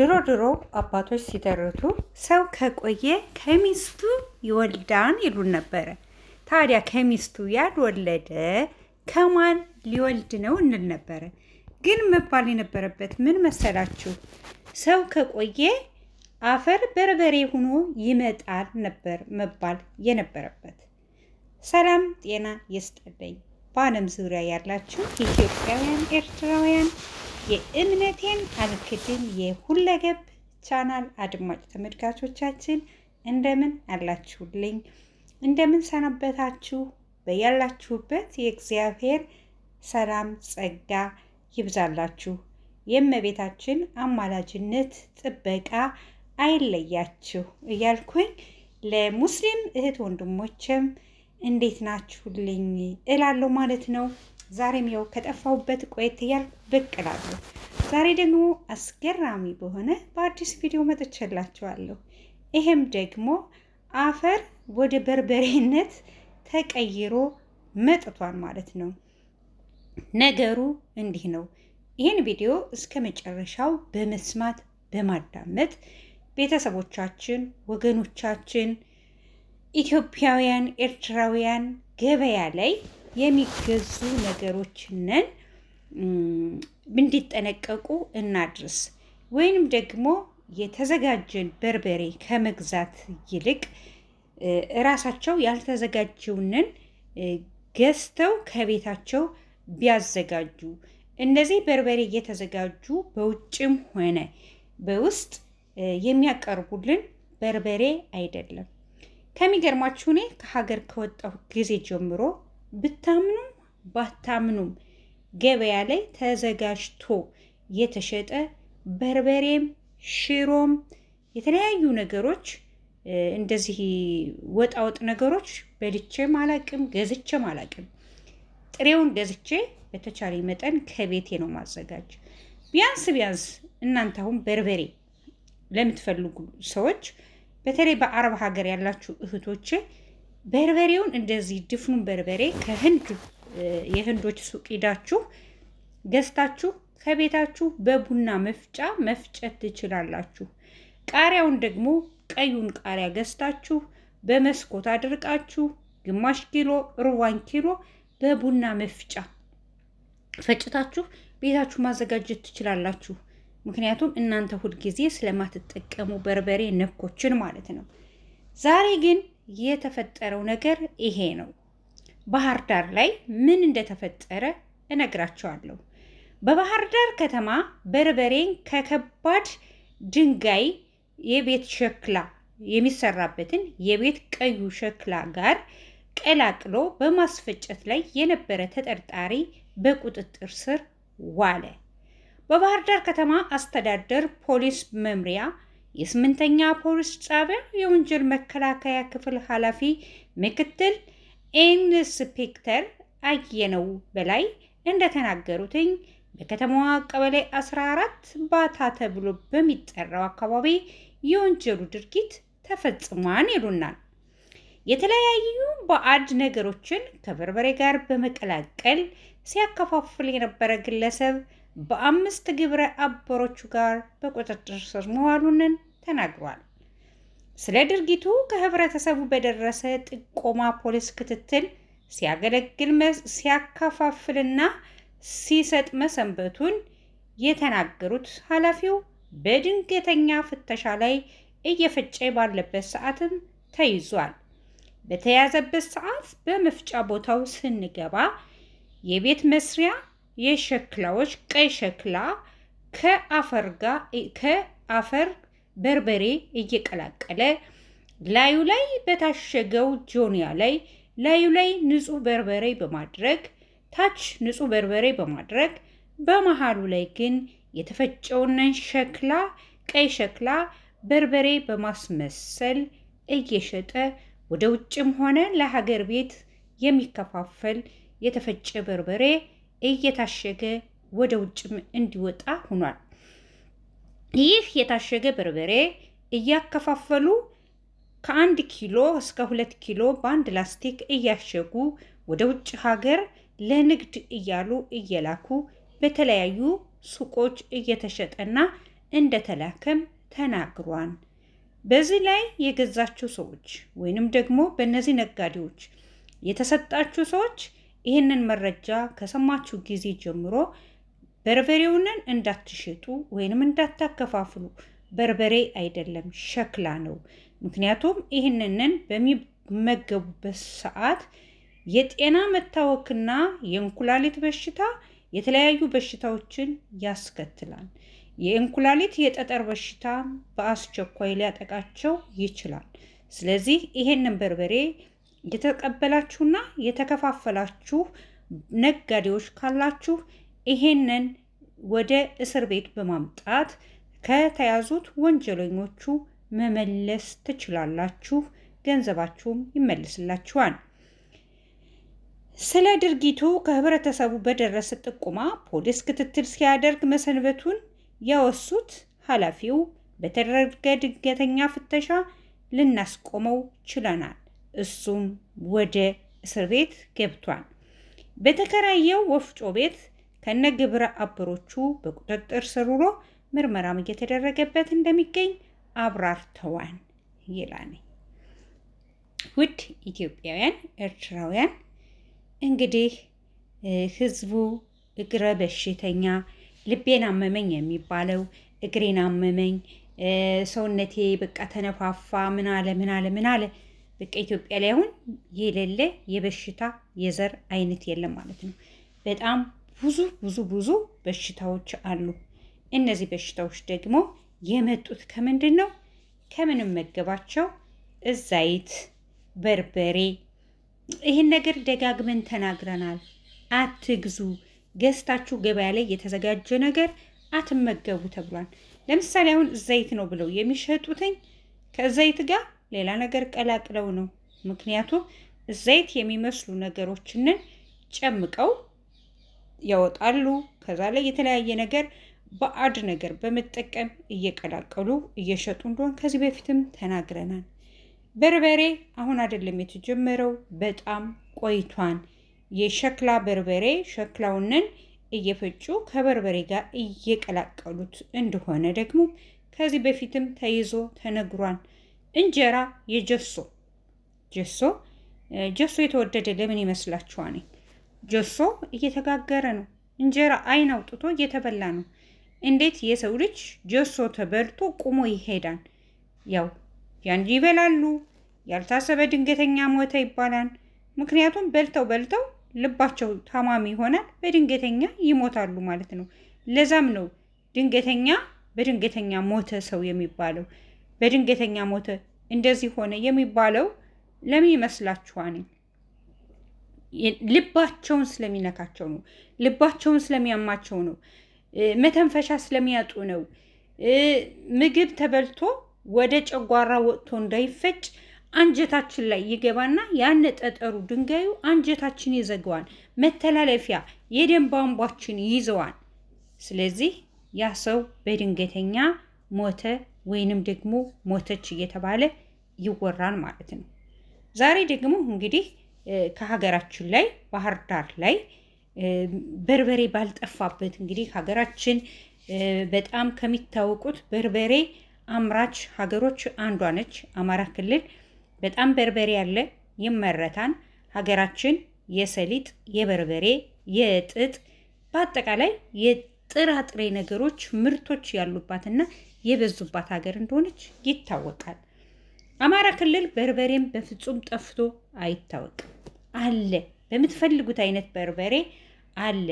ድሮ ድሮ አባቶች ሲተርቱ ሰው ከቆየ ከሚስቱ ይወልዳን ይሉን ነበረ። ታዲያ ከሚስቱ ያልወለደ ከማን ሊወልድ ነው እንል ነበረ። ግን መባል የነበረበት ምን መሰላችሁ? ሰው ከቆየ አፈር በርበሬ ሆኖ ይመጣል ነበር መባል የነበረበት። ሰላም ጤና ይስጥልኝ። በዓለም ዙሪያ ያላችሁ ኢትዮጵያውያን፣ ኤርትራውያን የእምነቴን አልክድም የሁለገብ ቻናል አድማጭ ተመልካቾቻችን እንደምን አላችሁልኝ? እንደምን ሰነበታችሁ? በያላችሁበት የእግዚአብሔር ሰላም ጸጋ ይብዛላችሁ። የእመቤታችን አማላጅነት ጥበቃ አይለያችሁ እያልኩኝ ለሙስሊም እህት ወንድሞችም እንዴት ናችሁልኝ እላለሁ ማለት ነው። ዛሬም ያው ከጠፋሁበት ቆየት እያልኩ ብቅ እላለሁ። ዛሬ ደግሞ አስገራሚ በሆነ በአዲስ ቪዲዮ መጥቼላችኋለሁ። ይሄም ደግሞ አፈር ወደ በርበሬነት ተቀይሮ መጥቷል ማለት ነው። ነገሩ እንዲህ ነው። ይህን ቪዲዮ እስከ መጨረሻው በመስማት በማዳመጥ ቤተሰቦቻችን፣ ወገኖቻችን፣ ኢትዮጵያውያን፣ ኤርትራውያን ገበያ ላይ የሚገዙ ነገሮችንን እንዲጠነቀቁ እናድርስ። ወይንም ደግሞ የተዘጋጀን በርበሬ ከመግዛት ይልቅ እራሳቸው ያልተዘጋጀውንን ገዝተው ከቤታቸው ቢያዘጋጁ እነዚህ በርበሬ እየተዘጋጁ በውጭም ሆነ በውስጥ የሚያቀርቡልን በርበሬ አይደለም። ከሚገርማችሁ እኔ ከሀገር ከወጣሁ ጊዜ ጀምሮ ብታምኑም ባታምኑም ገበያ ላይ ተዘጋጅቶ የተሸጠ በርበሬም፣ ሽሮም፣ የተለያዩ ነገሮች እንደዚህ ወጣወጥ ነገሮች በልቼም አላቅም ገዝቼም አላቅም። ጥሬውን ገዝቼ በተቻለ መጠን ከቤቴ ነው ማዘጋጅ። ቢያንስ ቢያንስ እናንተ አሁን በርበሬ ለምትፈልጉ ሰዎች በተለይ በአረብ ሀገር ያላችሁ እህቶቼ በርበሬውን እንደዚህ ድፍኑን በርበሬ ከህንድ የህንዶች ሱቅ ሂዳችሁ ገዝታችሁ ከቤታችሁ በቡና መፍጫ መፍጨት ትችላላችሁ። ቃሪያውን ደግሞ ቀዩን ቃሪያ ገዝታችሁ በመስኮት አድርቃችሁ ግማሽ ኪሎ ሩዋን ኪሎ በቡና መፍጫ ፈጭታችሁ ቤታችሁ ማዘጋጀት ትችላላችሁ። ምክንያቱም እናንተ ሁልጊዜ ስለማትጠቀሙ በርበሬ ነኮችን ማለት ነው። ዛሬ ግን የተፈጠረው ነገር ይሄ ነው። ባህር ዳር ላይ ምን እንደተፈጠረ እነግራቸዋለሁ። በባህር ዳር ከተማ በርበሬን ከከባድ ድንጋይ የቤት ሸክላ የሚሰራበትን የቤት ቀዩ ሸክላ ጋር ቀላቅሎ በማስፈጨት ላይ የነበረ ተጠርጣሪ በቁጥጥር ስር ዋለ። በባህር ዳር ከተማ አስተዳደር ፖሊስ መምሪያ የስምንተኛ ፖሊስ ጣቢያ የወንጀል መከላከያ ክፍል ኃላፊ ምክትል ኢንስፔክተር አየነው በላይ እንደተናገሩትኝ በከተማዋ ቀበሌ 14 ባታ ተብሎ በሚጠራው አካባቢ የወንጀሉ ድርጊት ተፈጽሟን ይሉናል። የተለያዩ ባዕድ ነገሮችን ከበርበሬ ጋር በመቀላቀል ሲያከፋፍል የነበረ ግለሰብ በአምስት ግብረ አበሮቹ ጋር በቁጥጥር ስር መዋሉንን ተናግሯል። ስለ ድርጊቱ ከህብረተሰቡ በደረሰ ጥቆማ ፖሊስ ክትትል ሲያገለግል ሲያከፋፍልና ሲሰጥ መሰንበቱን የተናገሩት ኃላፊው በድንገተኛ ፍተሻ ላይ እየፈጨ ባለበት ሰዓትም ተይዟል። በተያዘበት ሰዓት በመፍጫ ቦታው ስንገባ የቤት መስሪያ የሸክላዎች ቀይ ሸክላ ከአፈር ጋር ከአፈር በርበሬ እየቀላቀለ ላዩ ላይ በታሸገው ጆንያ ላይ ላዩ ላይ ንጹህ በርበሬ በማድረግ ታች ንጹህ በርበሬ በማድረግ በመሃሉ ላይ ግን የተፈጨውን ሸክላ ቀይ ሸክላ በርበሬ በማስመሰል እየሸጠ ወደ ውጭም ሆነ ለሀገር ቤት የሚከፋፈል የተፈጨ በርበሬ እየታሸገ ወደ ውጭም እንዲወጣ ሆኗል። ይህ የታሸገ በርበሬ እያከፋፈሉ ከአንድ ኪሎ እስከ ሁለት ኪሎ በአንድ ላስቲክ እያሸጉ ወደ ውጭ ሀገር ለንግድ እያሉ እየላኩ በተለያዩ ሱቆች እየተሸጠና እንደተላከም ተናግሯል። በዚህ ላይ የገዛችሁ ሰዎች ወይንም ደግሞ በእነዚህ ነጋዴዎች የተሰጣችሁ ሰዎች ይህንን መረጃ ከሰማችሁ ጊዜ ጀምሮ በርበሬውንን እንዳትሸጡ ወይንም እንዳታከፋፍሉ። በርበሬ አይደለም ሸክላ ነው። ምክንያቱም ይህንንን በሚመገቡበት ሰዓት የጤና መታወክና የእንኩላሊት በሽታ የተለያዩ በሽታዎችን ያስከትላል። የእንኩላሊት የጠጠር በሽታ በአስቸኳይ ሊያጠቃቸው ይችላል። ስለዚህ ይሄንን በርበሬ የተቀበላችሁና የተከፋፈላችሁ ነጋዴዎች ካላችሁ ይሄንን ወደ እስር ቤት በማምጣት ከተያዙት ወንጀለኞቹ መመለስ ትችላላችሁ። ገንዘባችሁም ይመልስላችኋል። ስለ ድርጊቱ ከህብረተሰቡ በደረሰ ጥቁማ ፖሊስ ክትትል ሲያደርግ መሰንበቱን ያወሱት ኃላፊው በተደረገ ድንገተኛ ፍተሻ ልናስቆመው ችለናል እሱም ወደ እስር ቤት ገብቷል። በተከራየው ወፍጮ ቤት ከነ ግብረ አበሮቹ በቁጥጥር ስር ውሎ ምርመራም እየተደረገበት እንደሚገኝ አብራርተዋል ይላል። ውድ ኢትዮጵያውያን፣ ኤርትራውያን እንግዲህ ህዝቡ እግረ በሽተኛ ልቤን አመመኝ የሚባለው እግሬን አመመኝ ሰውነቴ በቃ ተነፋፋ ምን አለ ምን አለ ምን አለ በቃ ኢትዮጵያ ላይ አሁን የሌለ የበሽታ የዘር አይነት የለም ማለት ነው። በጣም ብዙ ብዙ ብዙ በሽታዎች አሉ። እነዚህ በሽታዎች ደግሞ የመጡት ከምንድን ነው? መገባቸው እዛይት በርበሬ። ይህን ነገር ደጋግመን ተናግረናል። አትግዙ፣ ገዝታችሁ ገበያ ላይ የተዘጋጀ ነገር አትመገቡ ተብሏል። ለምሳሌ አሁን እዛይት ነው ብለው የሚሸጡትኝ ከዛይት ጋር ሌላ ነገር ቀላቅለው ነው። ምክንያቱም ዘይት የሚመስሉ ነገሮችንን ጨምቀው ያወጣሉ። ከዛ ላይ የተለያየ ነገር በአድ ነገር በመጠቀም እየቀላቀሉ እየሸጡ እንደሆን ከዚህ በፊትም ተናግረናል። በርበሬ አሁን አይደለም የተጀመረው፣ በጣም ቆይቷን። የሸክላ በርበሬ ሸክላውንን እየፈጩ ከበርበሬ ጋር እየቀላቀሉት እንደሆነ ደግሞ ከዚህ በፊትም ተይዞ ተነግሯል። እንጀራ የጀሶ ጀሶ ጀሶ የተወደደ ለምን ይመስላችኋል? ጀሶ እየተጋገረ ነው። እንጀራ አይን አውጥቶ እየተበላ ነው። እንዴት የሰው ልጅ ጀሶ ተበልቶ ቁሞ ይሄዳል? ያው ያን ይበላሉ። ያልታሰበ ድንገተኛ ሞተ ይባላል። ምክንያቱም በልተው በልተው ልባቸው ታማሚ ይሆናል፣ በድንገተኛ ይሞታሉ ማለት ነው። ለዛም ነው ድንገተኛ በድንገተኛ ሞተ ሰው የሚባለው። በድንገተኛ ሞተ፣ እንደዚህ ሆነ የሚባለው ለምን ይመስላችኋል? ልባቸውን ስለሚነካቸው ነው። ልባቸውን ስለሚያማቸው ነው። መተንፈሻ ስለሚያጡ ነው። ምግብ ተበልቶ ወደ ጨጓራ ወጥቶ እንዳይፈጭ አንጀታችን ላይ ይገባና ያነ ጠጠሩ ድንጋዩ አንጀታችን ይዘገዋል። መተላለፊያ የደም ቧንቧችን ይዘዋል። ስለዚህ ያ ሰው በድንገተኛ ሞተ ወይንም ደግሞ ሞተች እየተባለ ይወራል ማለት ነው። ዛሬ ደግሞ እንግዲህ ከሀገራችን ላይ ባህር ዳር ላይ በርበሬ ባልጠፋበት እንግዲህ ሀገራችን በጣም ከሚታወቁት በርበሬ አምራች ሀገሮች አንዷ ነች። አማራ ክልል በጣም በርበሬ ያለ ይመረታን ሀገራችን የሰሊጥ፣ የበርበሬ፣ የጥጥ በአጠቃላይ የጥራጥሬ ነገሮች ምርቶች ያሉባትና የበዙባት ሀገር እንደሆነች ይታወቃል። አማራ ክልል በርበሬም በፍጹም ጠፍቶ አይታወቅም። አለ በምትፈልጉት አይነት በርበሬ አለ።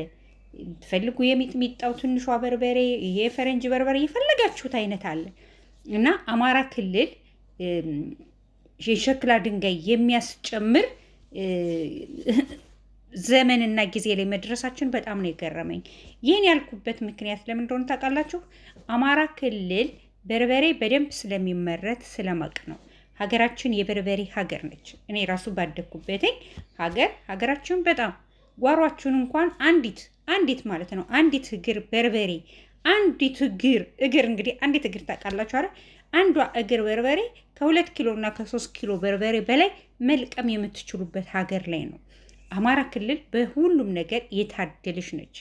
ትፈልጉ የሚጥሚጣው ትንሿ በርበሬ፣ የፈረንጅ በርበሬ የፈለጋችሁት አይነት አለ እና አማራ ክልል የሸክላ ድንጋይ የሚያስጨምር ዘመንና ጊዜ ላይ መድረሳችን በጣም ነው የገረመኝ። ይህን ያልኩበት ምክንያት ለምን እንደሆነ ታውቃላችሁ? አማራ ክልል በርበሬ በደንብ ስለሚመረት ስለማቅ ነው። ሀገራችን የበርበሬ ሀገር ነች። እኔ ራሱ ባደግኩበትኝ ሀገር ሀገራችን በጣም ጓሯችን እንኳን አንዲት አንዲት ማለት ነው አንዲት እግር በርበሬ አንዲት እግር እግር እንግዲህ አንዲት እግር ታውቃላችሁ አይደል? አንዷ እግር በርበሬ ከሁለት ኪሎ እና ከሶስት ኪሎ በርበሬ በላይ መልቀም የምትችሉበት ሀገር ላይ ነው አማራ ክልል በሁሉም ነገር የታደለች ነች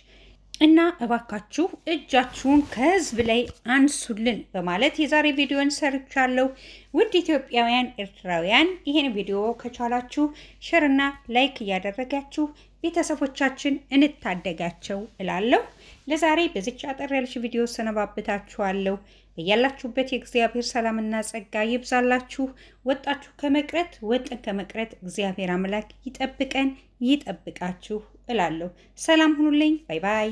እና እባካችሁ እጃችሁን ከህዝብ ላይ አንሱልን በማለት የዛሬ ቪዲዮን ሰርቻለሁ። ውድ ኢትዮጵያውያን፣ ኤርትራውያን ይህን ቪዲዮ ከቻላችሁ ሸርና ላይክ እያደረጋችሁ ቤተሰቦቻችን እንታደጋቸው እላለሁ። ለዛሬ በዚች አጠር ያለች ቪዲዮ ሰነባብታችኋለሁ። እያላችሁበት የእግዚአብሔር ሰላምና ጸጋ ይብዛላችሁ። ወጣችሁ ከመቅረት ወጠን ከመቅረት እግዚአብሔር አምላክ ይጠብቀን ይጠብቃችሁ እላለሁ። ሰላም ሁኑልኝ። ባይ ባይ